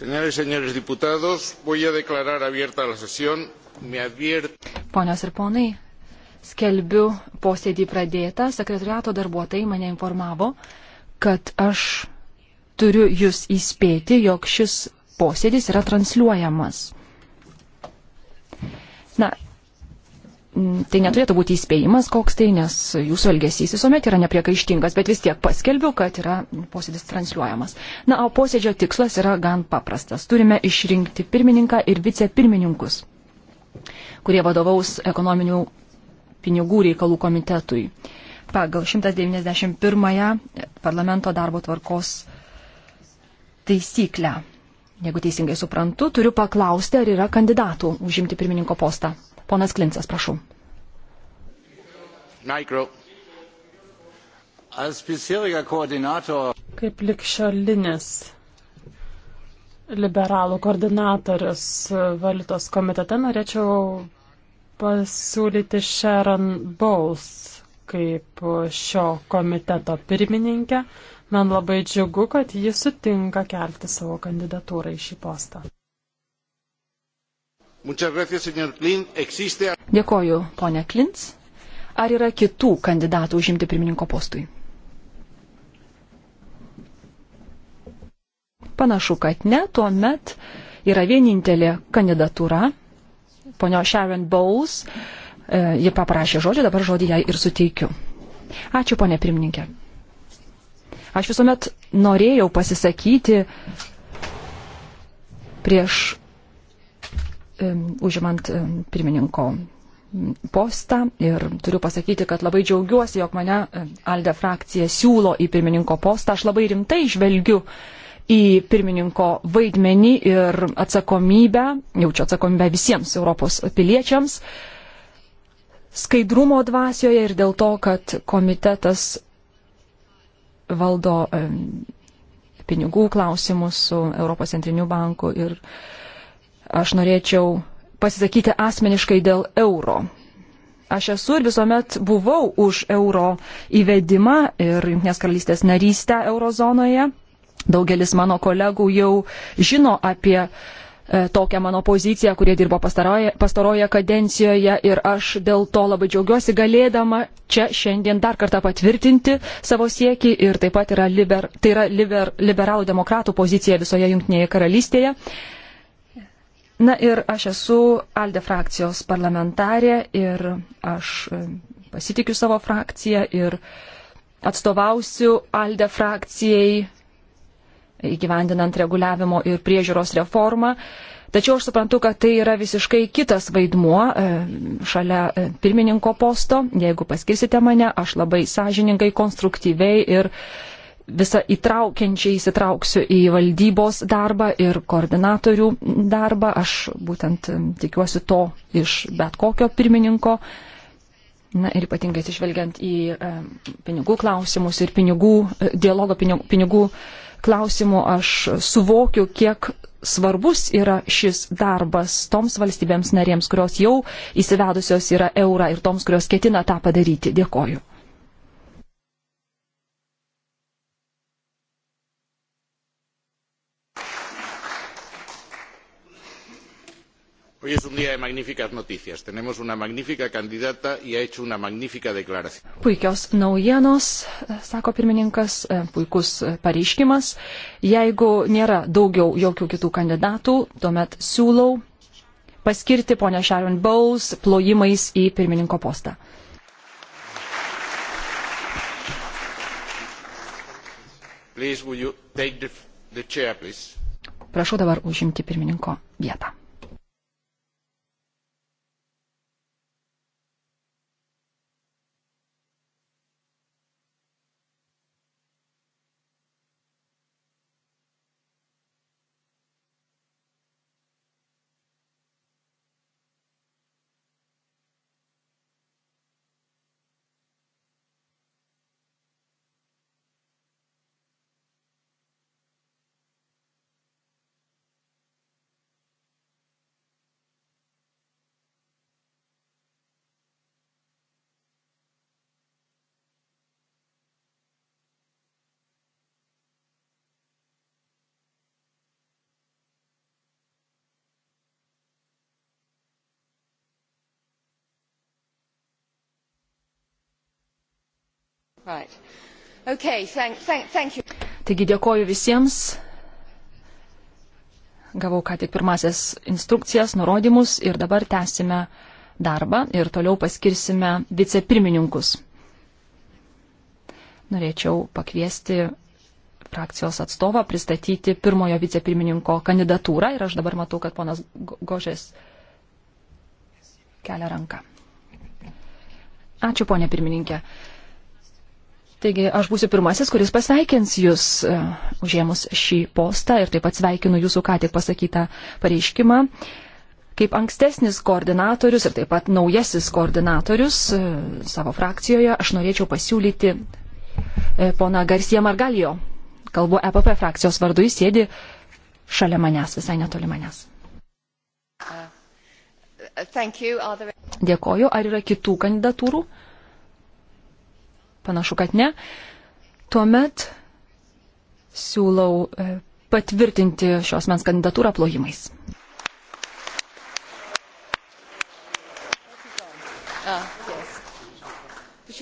Señores, señores diputados, voy a declarar abierta la sesión. Me adviert... Ponios ir ponai, skelbiu posėdį pradėtą. Sekretariato darbuotojai mane informavo, kad aš turiu jūs įspėti, jog šis posėdis yra transliuojamas. Na, Mm, tai neturėtų būti įspėjimas koks tai, nes jūsų elgesys visuomet yra nepriekaištingas, bet vis tiek paskelbiu, kad yra posėdis transliuojamas. Na, o posėdžio tikslas yra gan paprastas. Turime išrinkti pirmininką ir vicepirmininkus, kurie vadovaus ekonominių pinigų reikalų komitetui. Pagal 191 parlamento darbo tvarkos taisyklę. Jeigu teisingai suprantu, turiu paklausti, ar yra kandidatų užimti pirmininko postą. Ponas Klincas, prašau. Mikro. Kaip likščiolinis liberalų koordinatorius valytos komitete norėčiau pasiūlyti Sharon Bowles kaip šio komiteto pirmininkę. Man labai džiugu, kad ji sutinka kelti savo kandidatūrą į šį postą. Dėkoju, ponia Klins. Ar yra kitų kandidatų užimti pirmininko postui? Panašu, kad ne, tuomet yra vienintelė kandidatūra, ponio Sharon Bowles. E, ji paprašė žodžio, dabar žodį jai ir suteikiu. Ačiū, ponė pirmininkė. Aš visuomet norėjau pasisakyti prieš užimant pirmininko postą ir turiu pasakyti, kad labai džiaugiuosi, jog mane Alde frakcija siūlo į pirmininko postą. Aš labai rimtai žvelgiu į pirmininko vaidmenį ir atsakomybę, jaučiu atsakomybę visiems Europos piliečiams, skaidrumo dvasioje ir dėl to, kad komitetas valdo pinigų klausimus su Europos centriniu banku ir uh, Aš norėčiau pasisakyti asmeniškai dėl euro. Aš esu ir visuomet buvau už euro įvedimą ir Junktinės karalystės narystę eurozonoje. Daugelis mano kolegų jau žino apie e, tokią mano poziciją, kurie dirbo pastaroje, pastaroje kadencijoje ir aš dėl to labai džiaugiuosi galėdama čia šiandien dar kartą patvirtinti savo siekį ir taip pat yra, liber, tai yra liber, liberalų demokratų pozicija visoje Junktinėje karalystėje. Na ir aš esu Alde frakcijos parlamentarė ir aš e, pasitikiu savo frakciją ir atstovausiu Alde frakcijai įgyvendinant reguliavimo ir priežiūros reformą. Tačiau aš suprantu, kad tai yra visiškai kitas vaidmuo e, šalia e, pirmininko posto. Jeigu paskirsite mane, aš labai sąžiningai, konstruktyviai ir uh, visą įtraukiančiai įsitrauksiu į valdybos darbą ir koordinatorių darbą. Aš būtent tikiuosi to iš bet kokio pirmininko. Na ir ypatingai atsižvelgiant į e, pinigų klausimus ir pinigų, e, dialogo pinigų, pinigų klausimų, aš suvokiu, kiek svarbus yra šis darbas toms valstybėms narėms, kurios jau įsivedusios yra eurą ir toms, kurios ketina tą padaryti. Dėkoju. Hoy es un día de magníficas noticias. Tenemos una magnífica candidata y ha hecho una magnífica declaración. Puikios naujienos, sako pirmininkas, e, puikus pareiškimas. Jeigu nėra daugiau jokių kitų kandidatų, tuomet siūlau paskirti ponę Sharon Bowles plojimais į pirmininko postą. Please, the, the chair, Prašau dabar užimti pirmininko vietą. Right. Okay, thank, thank, thank you. Taigi dėkoju visiems. Gavau ką tik pirmasis instrukcijas, nurodymus ir dabar tęsime darbą ir toliau paskirsime vicepirmininkus. Norėčiau pakviesti frakcijos atstovą pristatyti pirmojo vicepirmininko kandidatūrą ir aš dabar matau, kad ponas Gožės kelia ranką. Ačiū, ponė pirmininkė. Taigi aš būsiu pirmasis, kuris pasveikins jūs uh, užėmus šį postą ir taip pat sveikinu jūsų ką tik pasakytą pareiškimą. Kaip ankstesnis koordinatorius ir taip pat naujasis koordinatorius uh, savo frakcijoje aš norėčiau pasiūlyti uh, e, pona Garcia Margalijo. Kalbu EPP frakcijos vardu, jis sėdi šalia manęs, visai netoli manęs. Uh, Dėkoju, ar yra kitų kandidatūrų? Uh, Panašu, kad ne. Tuomet siūlau e, patvirtinti šios mens kandidatūrą plojimais. Ah, yes.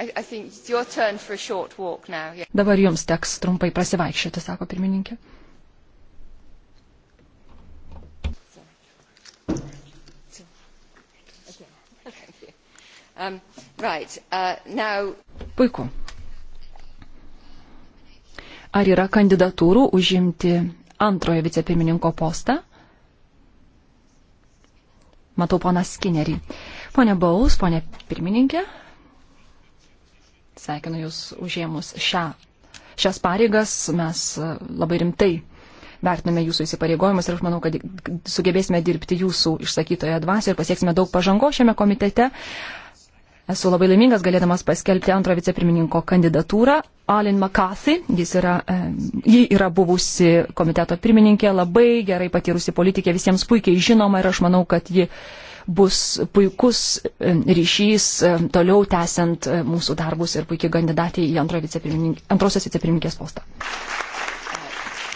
I, I now, yeah. Dabar jums teks trumpai prasivaikščioti, sako pirmininkė. Um, Right, uh, now... Puiku. Ar yra kandidatūrų užimti antrojo vicepirmininko postą? Matau poną Skinnerį. Pone Baus, ponė pirmininkė, sveikinu Jūs užėmus šią, šias pareigas. Mes e, labai rimtai vertiname Jūsų įsipareigojimus ir aš manau, kad sugebėsime dirbti Jūsų išsakytoje dvasioje ir pasieksime daug pažango šiame komitete. Uh, Esu labai laimingas galėdamas paskelbti antro vicepirmininko kandidatūrą. Alin McCarthy, jis yra, e, ji yra buvusi komiteto pirmininkė, labai gerai patyrusi politikė, visiems puikiai žinoma ir aš manau, kad ji bus puikus e, ryšys e, toliau tęsiant mūsų darbus ir puikiai kandidatė į vicepirmininkė, antrosios vicepirmininkės postą.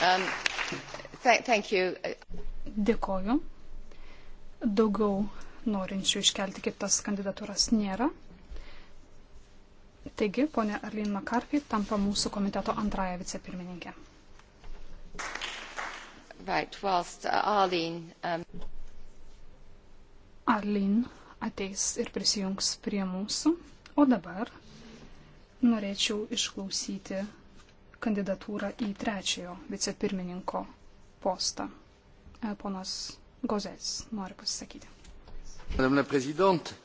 Um, thank you. Dėkoju. Daugiau norinčių iškelti kitas kandidatūras nėra. Taigi, ponė Arlin Makarfi tampa mūsų komiteto antraja vicepirmininkė. Right, whilst uh, Arlene, um... Arlene ateis ir prisijungs prie mūsų, o dabar norėčiau išklausyti kandidatūrą į trečiojo vicepirmininko postą. E, ponas Gozės nori pasisakyti. Madame la Présidente,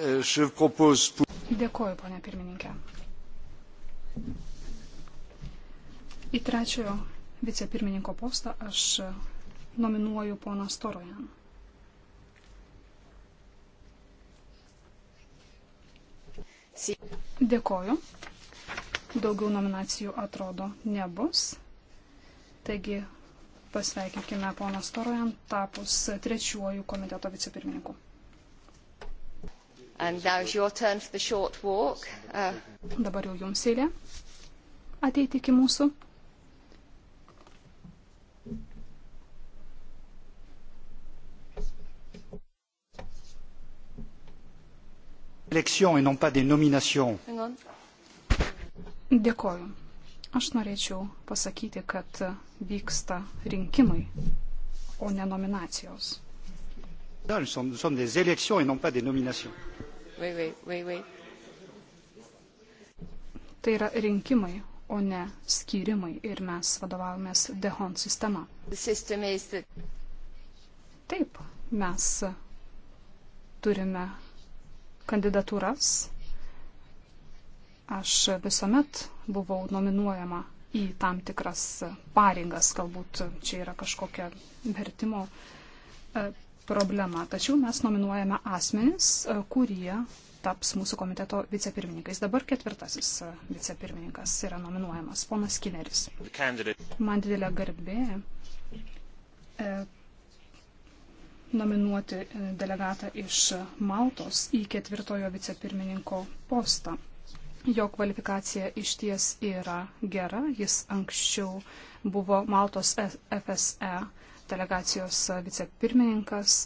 euh, je propose pour Dėkuoju, ponė pirmininkė. Į trečiojo vicepirmininko postą aš nominuoju poną Storojan. Dėkoju. Daugiau nominacijų atrodo nebus. Taigi pasveikinkime poną Storojan tapus trečiuoju komiteto vicepirmininku. Uh... Dabar jau jums eilė ateiti iki mūsų. élections et non pas des nominations. Dėkoju. Aš norėčiau pasakyti, kad vyksta rinkimai, o ne nominacijos. Nous sommes des élections et non pas des nominations wait, wait, wait, wait. Tai yra rinkimai, o ne skyrimai ir mes vadovavomės Dehon sistema. Taip, mes turime kandidatūras. Aš visuomet buvau nominuojama į tam tikras pareigas, galbūt čia yra kažkokia vertimo e, problema. Tačiau mes nominuojame asmenis, e, kurie taps mūsų komiteto vicepirmininkais. Dabar ketvirtasis e, vicepirmininkas yra nominuojamas, ponas Kineris. Man didelė garbė e, nominuoti e, delegatą iš Maltos į ketvirtojo vicepirmininko postą. Jo kvalifikacija iš ties yra gera. Jis anksčiau buvo Maltos FSE delegacijos vicepirmininkas.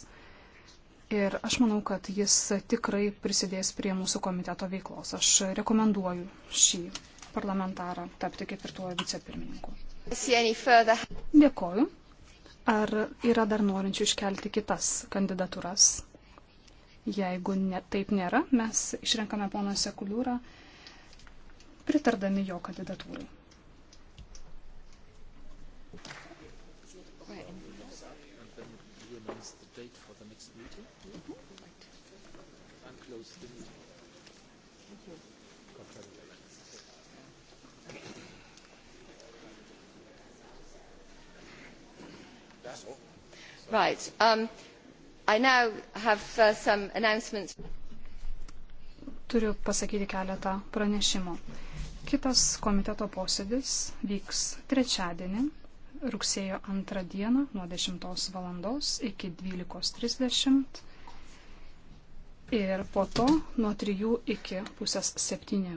Ir aš manau, kad jis tikrai prisidės prie mūsų komiteto veiklos. Aš rekomenduoju šį parlamentarą tapti ketvirtuoju vicepirmininku. Dėkoju. Ar yra dar norinčių iškelti kitas kandidatūras? Jeigu ne, taip nėra, mes išrenkame poną Sekuliūrą, pritardami jo kandidatūrai. Right. Um, I now have uh, some announcements. Turiu pasakyti keletą pranešimų. Kitas komiteto posėdis vyks trečiadienį, rugsėjo 2 dieną nuo 10 val. iki 12.30 ir po to nuo 3 iki pusės 7.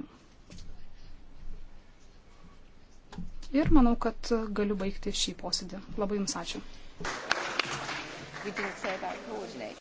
Ir manau, kad galiu baigti šį posėdį. Labai Jums ačiū.